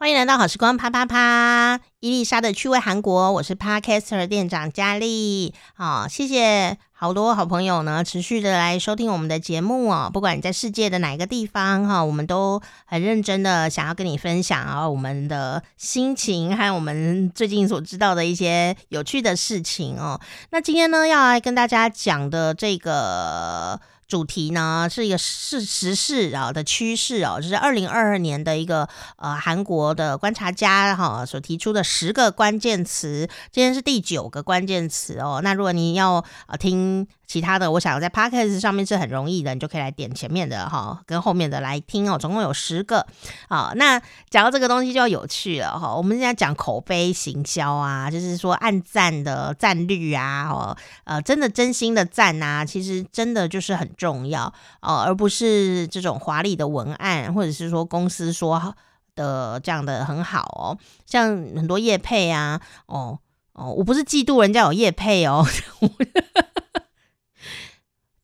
歡迎來到好時光啪啪啪！伊麗莎的趣味韓國，我是 Podcaster 店長佳麗。好、哦，謝謝好多好朋友呢，持續的來收聽我們的節目哦。不管你在世界的哪一個地方哈、哦，我們都很認真的想要跟你分享啊、哦，我們的心情還有我們最近所知道的一些有趣的事情哦。那今天呢，要來跟大家講的這個。主題呢，是一個是時事啊的趨勢哦，就是二零二二年的一個呃韓國的觀察家哈所提出的十個關鍵詞，今天是第九個關鍵詞哦。那如果你要呃聽。其他的，我想要在 Podcast 上面是很容易的，你就可以來點前面的哈、哦，跟後面的來聽哦。總共有十個，好、哦，那講到這個東西就要有趣了哈、哦。我們現在講口碑行銷啊，就是說按讚的讚率啊，哦，呃，真的真心的讚啊，其實真的就是很重要哦，而不是這種華麗的文案，或者是說公司說的這樣的很好哦。像很多業配啊，哦哦，我不是嫉妒人家有業配哦。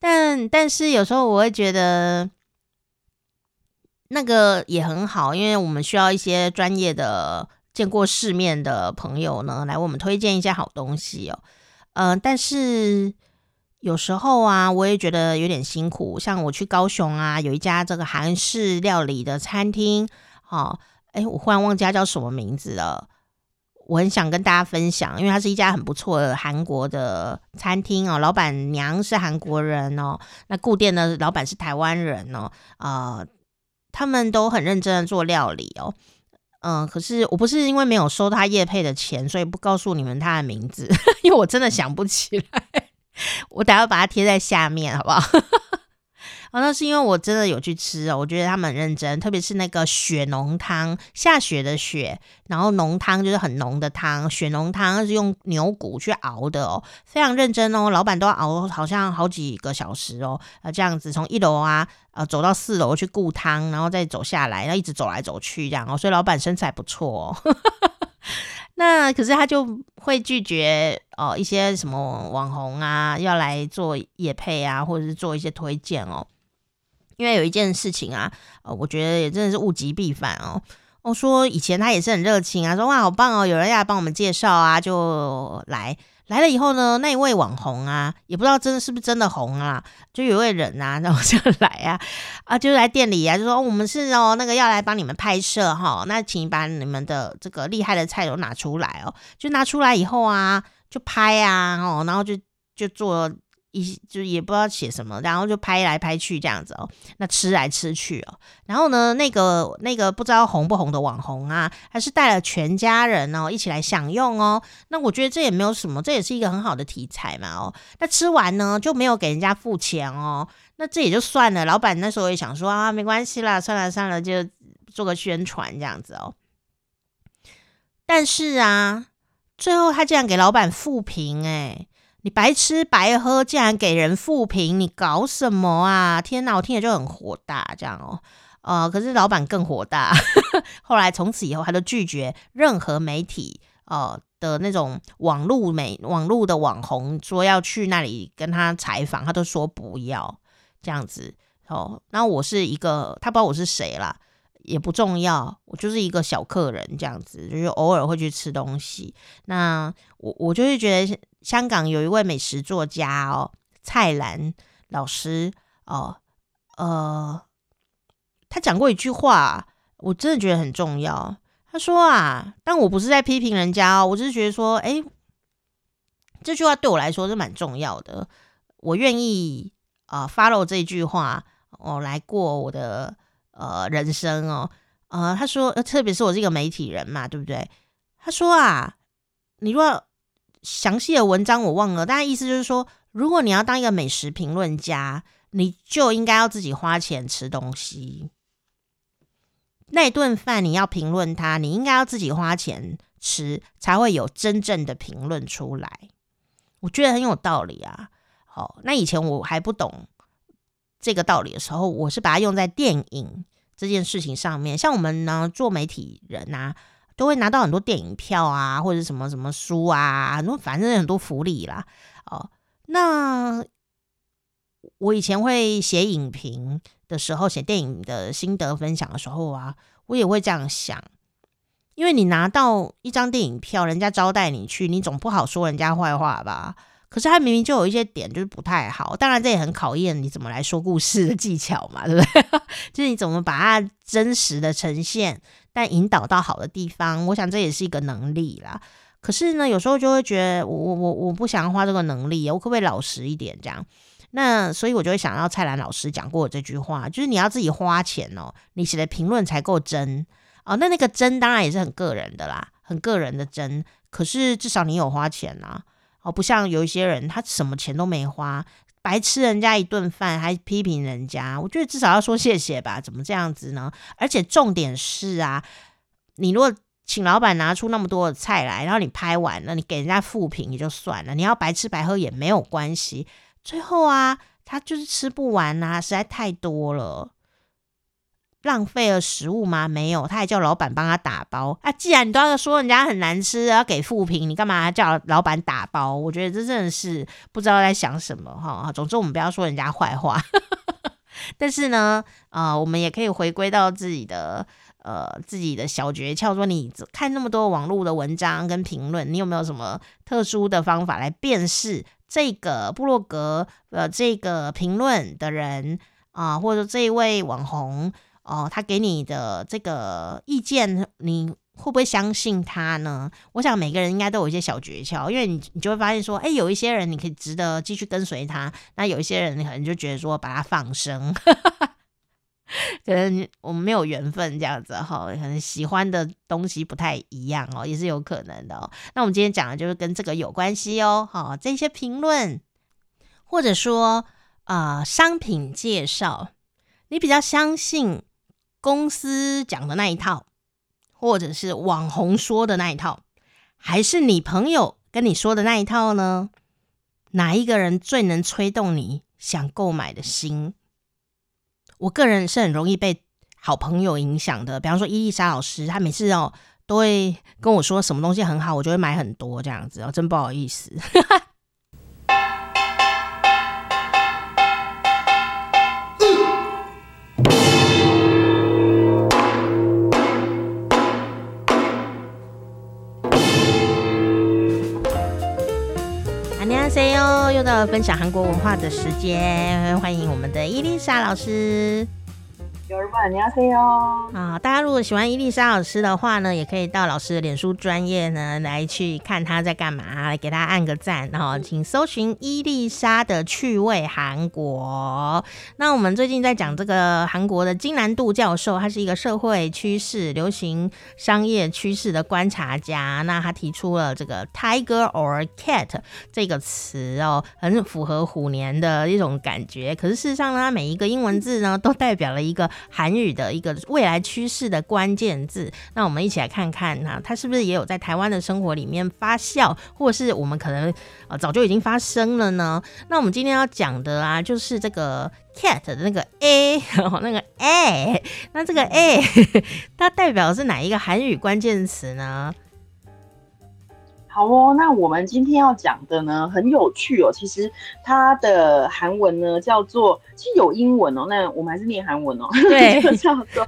但但是有時候我會覺得那個也很好，因為我們需要一些專業的見過世面的朋友呢，來為我們推薦一些好東西哦。嗯、呃，但是有時候啊，我也覺得有點辛苦。像我去高雄啊，有一家這個韓式料理的餐廳，好、哦，哎，我忽然忘記它叫什麼名字了。我很想跟大家分享，因為它是一家很不錯的韓國的餐廳哦、喔，老闆娘是韓國人哦、喔，那顧店的老闆是台灣人哦、喔，啊、呃，他們都很認真的做料理哦、喔，嗯、呃，可是我不是因為沒有收他業配的錢，所以不告訴你們他的名字，因為我真的想不起來，我等下把它貼在下面好不好？啊、哦，那是因為我真的有去吃哦，我覺得他們很認真，特別是那個雪濃湯，下雪的雪，然後濃湯就是很濃的湯，雪濃湯是用牛骨去熬的哦，非常認真哦，老闆都熬好像好幾個小時哦，呃，這樣子從一樓啊，呃，走到四樓去顧湯，然後再走下來，然後一直走來走去這樣哦，所以老闆身材不錯哦。 那可是他就會拒絕哦，一些什麼網紅啊，要來做業配啊，或者是做一些推薦哦。因為有一件事情啊，呃，我覺得也真的是物極必反哦。我說以前他也是很熱情啊，說哇好棒哦，有人要來幫我們介紹啊，就來，來了以後呢，那一位網紅啊，也不知道真的是不是真的紅啊，就有一位人啊，然後就來啊，啊就來店裡啊，就說我們是哦那個要來幫你們拍攝哈，那請把你們的這個厲害的菜都拿出來哦。就拿出來以後啊，就拍啊，哦，然後就就做。一就也不知道寫什麼，然後就拍來拍去這樣子哦，那吃來吃去哦，然後呢，那個那個不知道紅不紅的網紅啊，還是帶了全家人哦一起來享用哦，那我覺得這也沒有什麼，這也是一個很好的題材嘛哦。那吃完呢就沒有給人家付錢哦，那這也就算了。老板那時候也想說啊，沒關係啦，算了算了，就做個宣傳這樣子哦。但是啊，最後他竟然給老板負評哎、欸。你白吃白喝，竟然給人負評，你搞什麼啊？天哪，我聽着就很火大，這樣哦，呃，可是老板更火大。呵呵後來從此以後，他都拒絕任何媒體哦、呃、的那種網絡美網絡的網紅說要去那裡跟他採訪，他都說不要這樣子哦。那我是一個，他不知道我是誰啦，也不重要，我就是一個小客人這樣子，就是偶爾會去吃東西。那我我就是覺得。香港有一位美食作家哦，蔡瀾老師哦，呃，他講過一句話，我真的覺得很重要。他說啊，但我不是在批評人家哦，我只是覺得說，誒，欸，這句話對我來說是蠻重要的。我願意啊，呃，follow 這句話，哦，來過我的呃人生哦。呃，他說，特別是我是一個媒體人嘛，對不對？他說啊，你若詳細的文章我忘了，但意思就是說，如果你要當一個美食評論家，你就應該要自己花錢吃東西。那頓飯你要評論它，你應該要自己花錢吃，才會有真正的評論出來。我覺得很有道理啊。好，那以前我還不懂這個道理的時候，我是把它用在電影這件事情上面。像我們呢，做媒體人啊。都會拿到很多電影票啊，或者什麼什麼書啊，反正很多福利啦。哦，那我以前會寫影評的時候，寫電影的心得分享的時候啊，我也會這樣想，因為你拿到一張電影票，人家招待你去，你總不好說人家壞話吧。可是他明明就有一些點就是不太好，當然這也很考驗你怎麼來說故事的技巧嘛，對不對？就是你怎麼把它真實的呈現，但引導到好的地方，我想這也是一個能力啦。可是呢，有時候就會覺得我我我不想要花這個能力，我可不可以老實一點這樣？那所以我就會想到蔡瀾老師講過這句話，就是你要自己花錢哦，你寫的評論才夠真哦。那那個真當然也是很個人的啦，很個人的真，可是至少你有花錢吶、啊。哦，不像有一些人，他什麼錢都沒花，白吃人家一頓飯還批評人家，我覺得至少要說謝謝吧，怎麼這樣子呢？而且重點是啊，你如果請老板拿出那麼多的菜來，然後你拍完了，你給人家負評也就算了，你要白吃白喝也沒有關係。最後啊，他就是吃不完啊，實在太多了。浪費了食物嗎？沒有，他還叫老闆幫他打包啊！既然你都要說人家很難吃，要給負評，你幹嘛叫老闆打包？我覺得這真的是不知道在想什麼哈、哦！總之我們不要說人家壞話。 但是呢，啊、呃，我們也可以回歸到自己的呃自己的小訣竅，說你看那麼多網絡的文章跟評論，你有沒有什麼特殊的方法來辨識這個部落格呃這個評論的人啊、呃，或者說這一位網紅？哦，他給你的這個意見，你會不會相信他呢？我想每個人應該都有一些小訣竅，因為你你就會發現說，哎、欸，有一些人你可以值得繼續跟隨他，那有一些人你可能就覺得說把他放生， 可能我們沒有緣分這樣子哈、哦，可能喜歡的東西不太一樣哦，也是有可能的。哦、那我們今天講的就是跟這個有關係哦，好、哦，這些評論或者說啊、呃、商品介紹，你比較相信。公司講的那一套，或者是網紅說的那一套，還是你朋友跟你說的那一套呢？哪一個人最能催動你想購買的心？我個人是很容易被好朋友影響的。比方說伊麗莎老師，她每次哦都會跟我說什麼東西很好，我就會買很多這樣子。哦，真不好意思。 分享韓國文化的時間，歡迎我們的伊麗莎老師。啊，大家如果喜歡伊麗莎老師的話呢，也可以到老師的臉書專頁呢來去看他在幹嘛，來給他按個贊。然後請搜尋“伊麗莎的趣味韓國”。那我們最近在講這個韓國的金南度教授，他是一個社會趨勢、流行商業趨勢的觀察家。那他提出了這個 “Tiger or Cat” 這個詞哦、喔，很符合虎年的一種感覺。可是事實上呢，他每一個英文字呢都代表了一個。韓語的一個未來趨勢的關鍵字，那我們一起來看看，那它是不是也有在台灣的生活裡面發酵，或者是我們可能、呃、早就已經發生了呢？那我們今天要講的啊，就是這個 cat 的那個 a，然後那個 a，那這個 a，呵呵它代表的是哪一個韓語關鍵詞呢？好哦，那我們今天要講的呢，很有趣哦。其實它的韓文呢叫做，其實有英文哦，那我們還是念韓文哦。對， 就叫做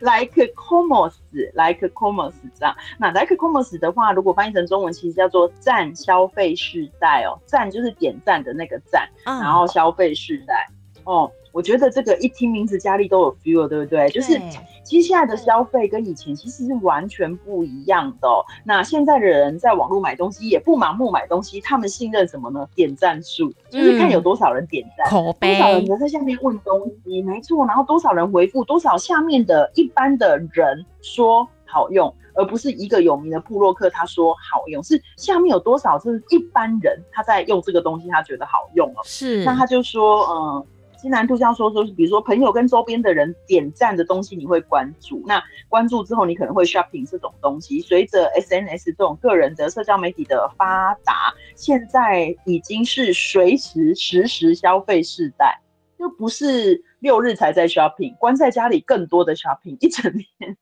like commerce，like commerce、like、這樣。那 like commerce 的話，如果翻譯成中文，其實叫做“讚消費世代”哦。讚就是點讚的那個讚，嗯、然後消費世代哦。我覺得這個一聽名字，家裡都有 feel，對不對？對，就是其實現在的消費跟以前其實是完全不一樣的喔。那現在的人在網絡買東西也不盲目買東西，他們信任什麼呢？點讚數，嗯，就是看有多少人點讚，多少人在下面問東西，沒錯，然後多少人回覆，多少下面的一般的人說好用，而不是一個有名的部落客他說好用，是下面有多少就是一般人他在用這個東西，他覺得好用哦，喔，是，那他就說嗯。難度上說說，是比如說朋友跟周邊的人點讚的東西，你會關注。那關注之後，你可能會 shopping 這種東西。隨着 S N S 這種個人的社交媒體的發達，現在已經是隨時實時消費時代，就不是六日才在 shopping，關在家裡更多的 shopping，一整天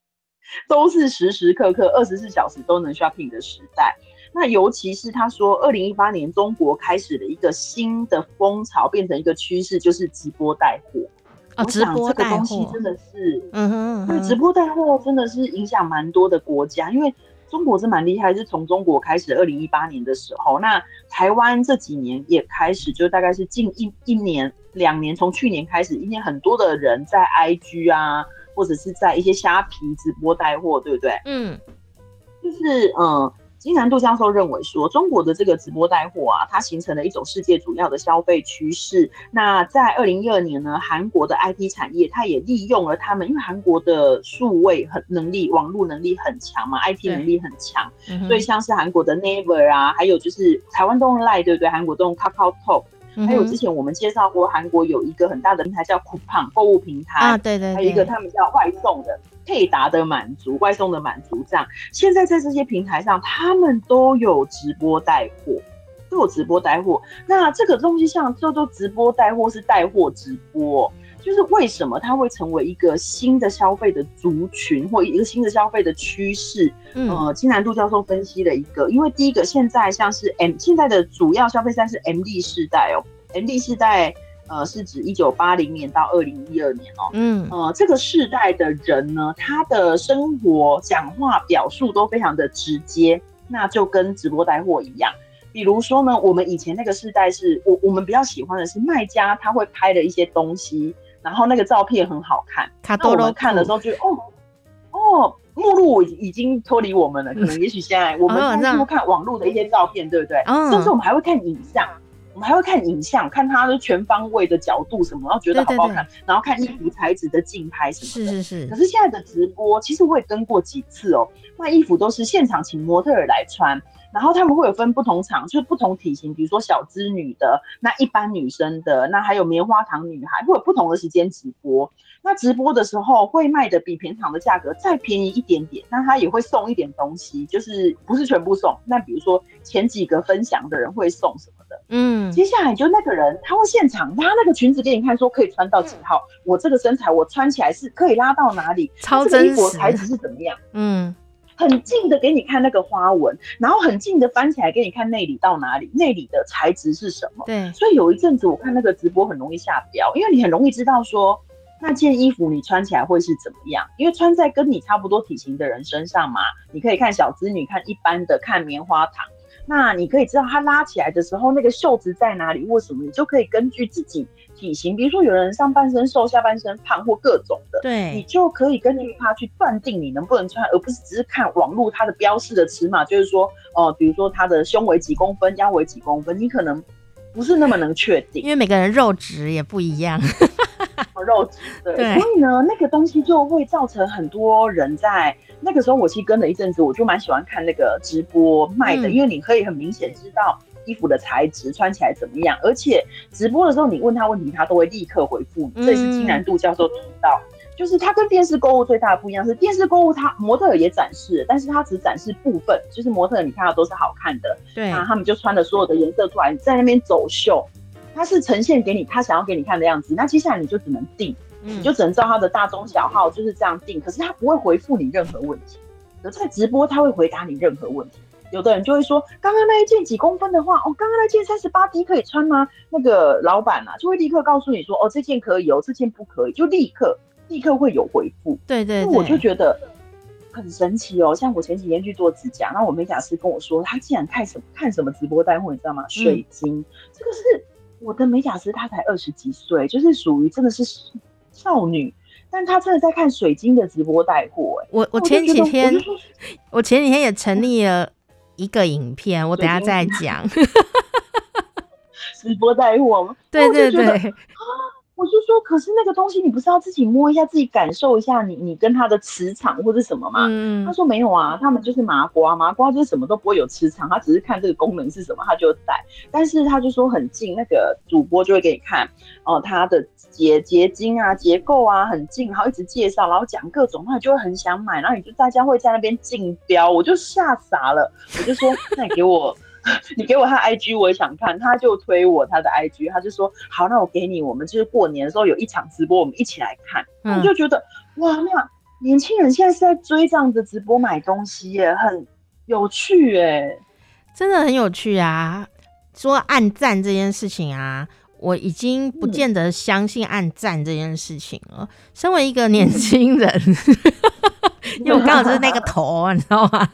都是時時刻刻，二十四小時都能 shopping 的時代。那尤其是他說，二零一八年中國開始了一個新的風潮，變成一個趨勢，就是直播帶貨。啊、哦，直播帶貨，我想這個東西真的是，嗯哼，嗯哼，對、嗯，直播帶貨真的是影響蠻多的國家，因為中國是蠻厲害，是從中國開始，二零一八年的時候，那台灣這幾年也開始，就大概是近一一年、兩年，從去年開始，因為很多的人在 IG 啊，或者是在一些蝦皮直播帶貨，對不對？嗯，就是嗯。金南度教授認為說，中國的這個直播帶貨啊，它形成了一種世界主要的消費趨勢。那在二零一二年呢，韓國的 IP 產業它也利用了他們，因為韓國的數位很能力、網絡能力很強嘛，IP 能力很強、嗯，所以像是韓國的 n e v e r 啊，還有就是台灣都用 Line，對不對？韓國都用 c o c p t o g 還有，之前我們介紹過，韓國有一個很大的平台叫 Coupang 購物平台啊，對，對對，還有一個他們叫壞送的。配達的滿足、外送的滿足，這樣現在在這些平台上，他們都有直播帶貨，都有直播帶貨。那這個東西，像叫做直播帶貨是帶貨直播，就是為什麼它會成為一個新的消費的族群，或一個新的消費的趨勢？嗯。呃，金南度教授分析了一個，因為第一個現在像是 M，現在的主要消費站是 M D 世代哦，M D 世代。呃，是指一九八零年到二零一二年哦、喔。嗯，呃，這個世代的人呢，他的生活、講話、表述都非常的直接，那就跟直播帶貨一樣。比如說呢，我們以前那個世代是我我們比較喜歡的是賣家他會拍的一些東西，然後那個照片很好看。他偷偷看的時候就哦哦，目錄已經脫離我們了，嗯、可能也許現在我們更多看網絡的一些照片，嗯、對不對，對、嗯？甚至我們還會看影像。我們還會看影像，看它的全方位的角度什麼，然後覺得好不好看，對對對。然後看衣服材質的近拍什麼的。是是是。可是現在的直播，其實我也跟過幾次哦、喔，那衣服都是現場請模特兒來穿。然後他們會有分不同場，就是不同體型，比如說小隻女的，那一般女生的，那還有棉花糖女孩，會有不同的時間直播。那直播的時候會賣的比平常的價格再便宜一點點，那他也會送一點東西，就是不是全部送。那比如說前幾個分享的人會送什麼的。嗯。接下來就那個人他會現場拉那個裙子給你看，說可以穿到幾號。嗯，我這個身材我穿起來是可以拉到哪裡，超真實。這個衣服的材質是怎麼樣？嗯。很近的給你看那個花紋，然後很近的翻起來給你看內裡到哪裡，內裡的材質是什麼。對，所以有一陣子我看那個直播很容易下標，因為你很容易知道說那件衣服你穿起來會是怎麼樣，因為穿在跟你差不多體型的人身上嘛，你可以看小資女，看一般的，看棉花糖。那你可以知道它拉起來的時候那個袖子在哪裡或什麼，你就可以根據自己體型，比如說有人上半身瘦下半身胖或各種的，對，你就可以根據它去斷定你能不能穿，而不是只是看網絡它的標識的尺碼，就是說哦、呃，比如說它的胸圍幾公分，腰圍幾公分，你可能不是那麼能確定，因為每個人肉質也不一樣， 肉質對，對，所以呢，那個東西就會造成很多人在。那個時候，我其實跟了一陣子，我就蠻喜歡看那個直播賣的，嗯、因為你可以很明顯知道衣服的材質穿起來怎麼樣，而且直播的時候你問他問題，他都會立刻回復你。這是金南度教授提到，嗯、就是他跟電視購物最大的不一樣是，電視購物他模特也展示，但是他只展示部分，就是模特你看到都是好看的，對、啊，那他們就穿的所有的顏色出來，在那邊走秀，他是呈現給你他想要給你看的樣子，那接下來你就只能定。你就只能照他的大中小號就是這樣定，可是他不會回復你任何問題。有在直播他會回答你任何問題。有的人就會說，剛剛那一件幾公分的話，哦，剛剛那件三十八 D 可以穿嗎？那個老闆啊，就會立刻告訴你說，哦，這件可以哦，這件不可以，就立刻立刻會有回復。對對對，我就覺得很神奇哦。像我前幾天去做指甲，那我美甲師跟我說，他竟然看什麼看什麼直播帶貨，你知道嗎？水晶，嗯、這個是我的美甲師，他才二十幾歲，就是屬於真的是。少女，但她真的在看水晶的直播帶貨欸。我我前幾天我我，我前幾天也成立了一個影片，我等下再講。 直播帶貨嗎？對對對，對。我就說，可是那個東西，你不是要自己摸一下，自己感受一下你，你你跟它的磁場或是什麼嗎？嗯，他說沒有啊，他們就是麻瓜，麻瓜就是什麼都不會有磁場，他只是看這個功能是什麼，他就帶。但是他就說很近，那個主播就會給你看，哦、呃，他的結結晶啊、結構啊很近，然後一直介紹，然後講各種話，你就會很想買，然後你就大家會在那邊競標，我就嚇傻了，我就說那你給我。 你給我他的 IG，我也想看。他就推我他的 IG，他就說好，那我給你。我們就是過年的時候有一場直播，我們一起來看。我、嗯、就覺得哇，那樣年輕人現在是在追這樣的直播買東西耶，很有趣哎，真的很有趣啊。說按讚這件事情啊，我已經不見得相信按讚這件事情了。嗯、身為一個年輕人，因為我剛好就是那個頭， 你知道嗎？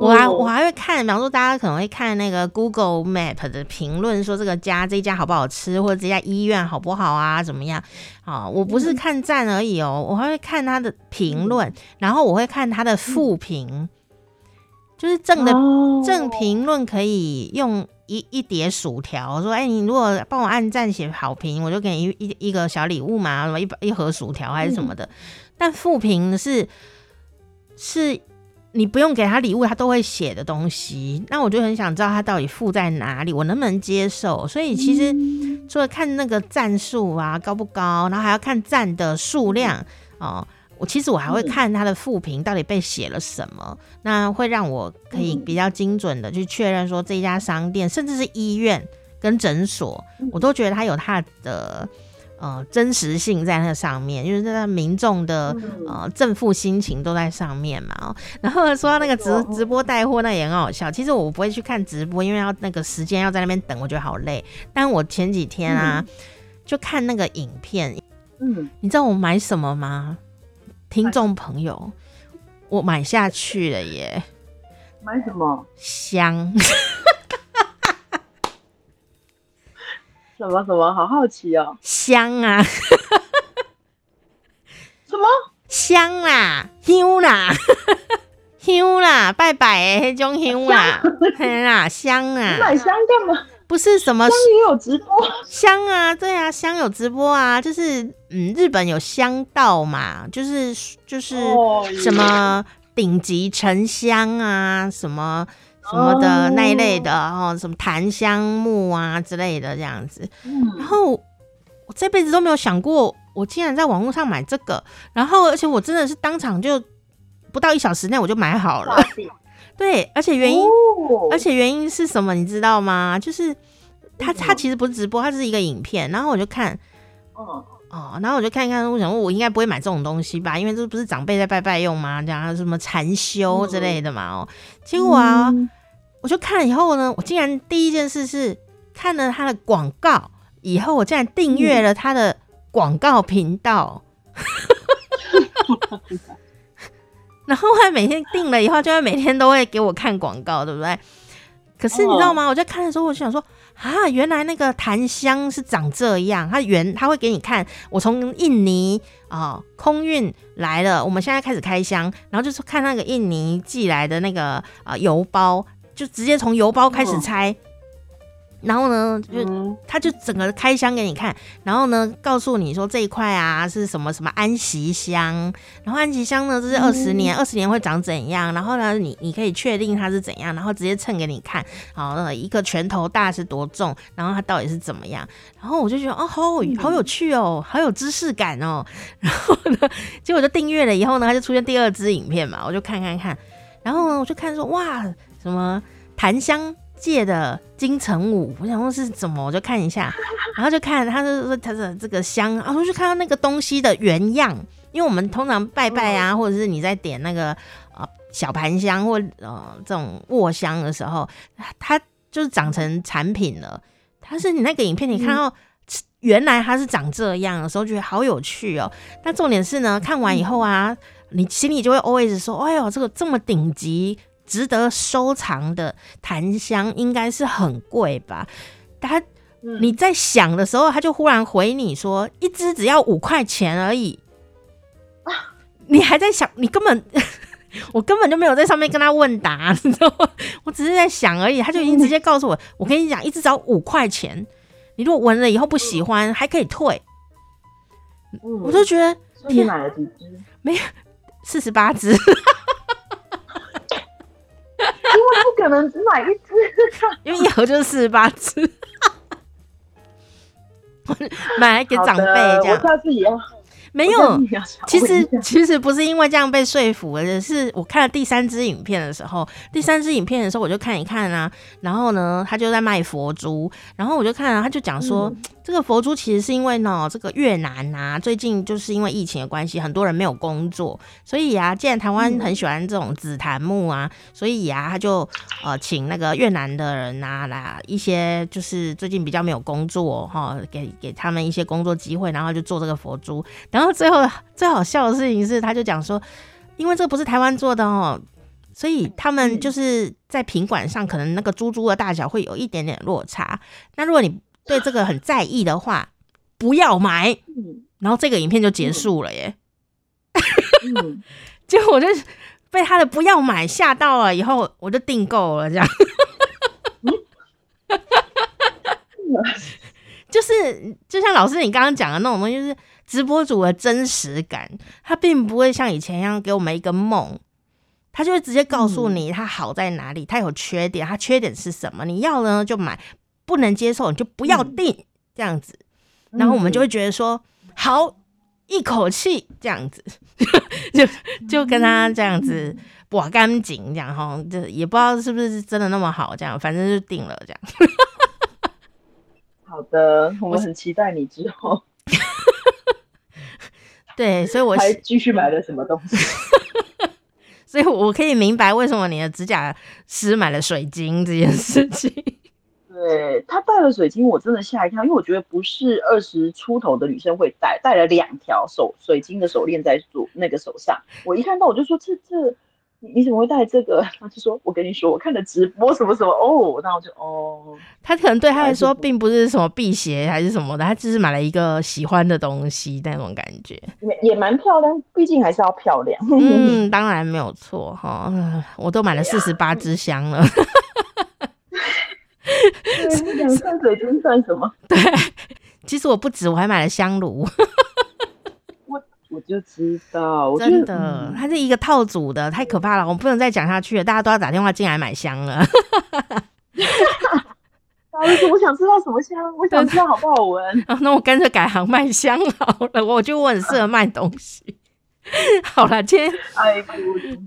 我還我還會看，比方說大家可能會看那個 Google Map 的評論，說這個家這一家好不好吃，或者這家醫院好不好啊，怎麼樣？好、啊，我不是看讚而已哦，我還會看他的評論，然後我會看他的負評、嗯，就是正的正評論可以用一一碟薯條，說哎、欸，你如果幫我按讚寫好評，我就給你一一一個小禮物嘛，什麼一一盒薯條還是什麼的。嗯、但負評是是。是你不用給他禮物，他都會寫的東西，那我就很想知道他到底負在哪裡，我能不能接受？所以其實除了看那個讚數啊高不高，然後還要看讚的數量哦。我其實我還會看他的負評到底被寫了什麼，那會讓我可以比較精準的去確認說這家商店，甚至是醫院跟診所，我都覺得他有他的。呃，真實性在那上面，因為在民眾的、嗯、呃正負心情都在上面嘛。哦、然後說到那個直直播帶貨，那也很好笑。其實我不會去看直播，因為要那個時間要在那邊等，我覺得好累。但我前幾天啊，嗯、就看那個影片，嗯，你知道我買什麼嗎、嗯？聽眾朋友，我買下去了耶！買什麼？香。 什麼什麼，好好奇哦！香啊， 什麼香啊？香啦、啊，香啦、啊，拜拜！那種香啦、啊，香啦，香啊！你買香幹嘛？不是什麼香也有直播香啊？對啊，香有直播啊，就是嗯，日本有香道嘛，就是就是什麼頂級沉香啊，哦，香啊，什麼。什麼的那一類的，然後什麼檀香木啊之類的這樣子，嗯、然後我這輩子都沒有想過，我竟然在網絡上買這個，然後而且我真的是當場就不到一小時內我就買好了， 對，而且原因、哦，而且原因是什麼你知道嗎？就是他他其實不是直播，他是一個影片，然後我就看，哦哦，然後我就看一看，我想說我應該不會買這種東西吧，因為這不是長輩在拜拜用嗎？講什麼禪修之類的嘛，哦、嗯，結果啊。我就看了以後呢，我竟然第一件事是看了他的廣告以後，我竟然訂閱了他的廣告頻道， 然後他每天訂了以後，就會每天都會給我看廣告，對不對？可是你知道嗎？我在看的時候，我就想說啊，原來那個檀香是長這樣，他原他會給你看。我從印尼啊、呃、空運來了，我們現在開始開箱，然後就是看那個印尼寄來的那個啊、呃、郵包。就直接從郵包開始拆，然後呢，就他就整個開箱給你看，然後呢，告訴你說這一塊啊是什麼什麼安息香，然後安息香呢這是二十年，嗯、二十年會長怎樣，然後呢，你你可以確定它是怎樣，然後直接秤給你看，好那個、一個拳頭大是多重，然後它到底是怎麼樣，然後我就覺得哦，好好有趣哦，好有知識感哦，然後呢，結果就訂閱了以後呢，它就出現第二支影片嘛，我就看看看，然後呢，我就看說哇。什麼檀香界的金城武？我想問是什麼，我就看一下，然後就看，他就是他的這個香啊，然後就看到那個東西的原樣。因為我們通常拜拜啊，或者是你在點那個啊、呃、小盤香或呃這種臥香的時候，它就是長成產品了。但是你那個影片，你看到、嗯、原來它是長這樣的時候，覺得好有趣哦。但重點是呢，看完以後啊，你心裡就會 always 說，哎呦，這個這麼頂級。值得收藏的檀香應該是很貴吧？他你在想的時候，他就忽然回你說，一支只要五塊錢而已。你還在想，你根本我根本就沒有在上面跟他問答，啊，你知道嗎？我只是在想而已。他就已經直接告訴我，我跟你講，一支只要五塊錢。你如果聞了以後不喜歡，還可以退。我都覺得，你買了幾支？沒有，四十八支。能只買一只， 因為一盒就是四十八只， 買來給長輩。這樣沒有，其實其實不是因為這樣被說服，而是我看了第三支影片的時候，第三支影片的時候我就看一看啊，然後呢，他就在賣佛珠，然後我就看，啊，他就講說。嗯這、那個佛珠其實是因為呢，這個越南吶、啊，最近就是因為疫情的關係，很多人沒有工作，所以啊，既然台灣很喜歡這種紫檀木啊，所以啊，他就呃請那個越南的人啊，來一些就是最近比較沒有工作哈、哦，給給他們一些工作機會，然後就做這個佛珠。然後最後最好笑的事情是，他就講說，因為這不是台灣做的哦，所以他們就是在品管上可能那個珠珠的大小會有一點點落差。那如果你。對這個很在意的話，不要買。嗯，然後這個影片就結束了耶。結 果我就被他的“不要買”嚇到了，以後我就訂購了。這樣，哈哈哈哈哈。就是，就像老師你剛剛講的那種東西，就是直播主的真實感，他並不會像以前一樣給我們一個夢，他就會直接告訴你他好在哪裡，他有缺點，他缺點是什麼，你要呢就買。不能接受你就不要定，嗯、這樣子，然後我們就會覺得說、嗯、好一口氣這樣子、嗯、 就就跟他這樣子不乾淨這樣哈，嗯、就也不知道是不是真的那麼好這樣，反正就定了這樣。好的，我很期待你之後。 對，所以我還繼續買了什麼東西， 所以我可以明白為什麼你的指甲師買了水晶這件事情。 對，他戴了水晶，我真的嚇一跳，因為我覺得不是二十出頭的女生會戴，戴了兩條手水晶的手鏈在手，那個手上。我一看到我就說：“這這，你怎麼會戴這個？”他就說：“我跟你說，我看的直播什麼什麼哦。”然後我就哦，他可能對他來說並不是什麼辟邪還是什麼的，他只是買了一個喜歡的東西那種感覺，也蠻漂亮，畢竟還是要漂亮。嗯， 當然沒有錯哈、哦，我都買了四十八支香了。 水算什麼？對，其實我不止，我還買了香爐。我我就知道就，真的，它是一個套組的，太可怕了，我們不能再講下去了，大家都要打電話進來買香了。不好意思，就是、我想知道什麼香？我想知道好不好聞、啊？那我乾脆改行賣香好了，我覺得我很適合賣東西。啊、 好了，今天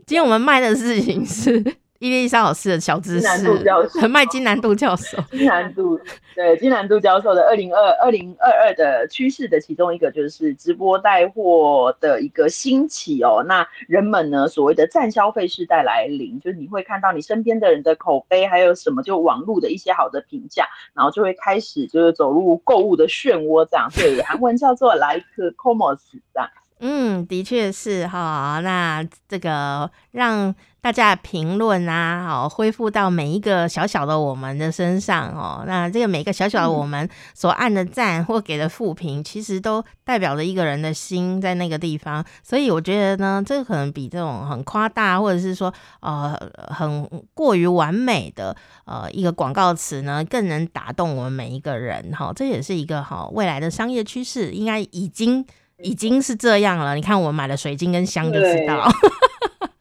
今天我們賣的事情是。伊麗莎老師的“小知識”教金南度教授。金南度， 金南度對，金南度教授的二零二二零二二的趨勢的其中一個就是直播帶貨的一個興起哦。那人們呢，所謂的“讚消費”時代來臨，就是你會看到你身邊的人的口碑，還有什麼就網絡的一些好的評價，然後就會開始就是走入購物的漩渦，這樣。所以韓文叫做 “like commerce” 這樣。 嗯，的確是哈、哦。那這個讓大家評論啊，好、哦、恢復到每一個小小的我們的身上哦。那這個每一個小小的我們所按的讚或給的負評、嗯，其實都代表着一個人的心在那個地方。所以我覺得呢，這個、可能比這種很誇大或者是說呃很過於完美的呃一個廣告詞呢，更能打動我們每一個人哈、哦。這也是一個哈、哦、未來的商業趨勢，應該已經。已經是這樣了，你看我買了水晶跟香就知道。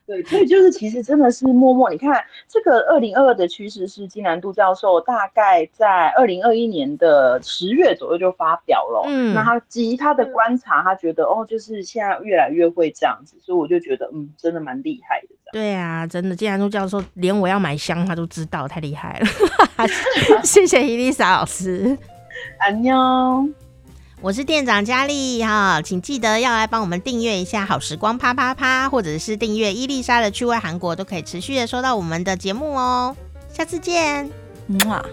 對， 對，所以就是其實真的是默默。你看這個二零二二的趨勢是金南度教授大概在二零二一年的十月左右就發表了。嗯，那他基於他的觀察，他覺得哦，就是現在越來越會這樣子，所以我就覺得嗯，真的蠻厲害的。對啊，真的金南度教授連我要買香他都知道，太厲害了。 謝謝伊麗莎老師，安妞 我是店長佳麗哈，請記得要來幫我們訂閱一下好時光啪啪啪，或者是訂閱伊麗莎的趣味韓國，都可以持續的收到我們的節目哦。下次見，木啊。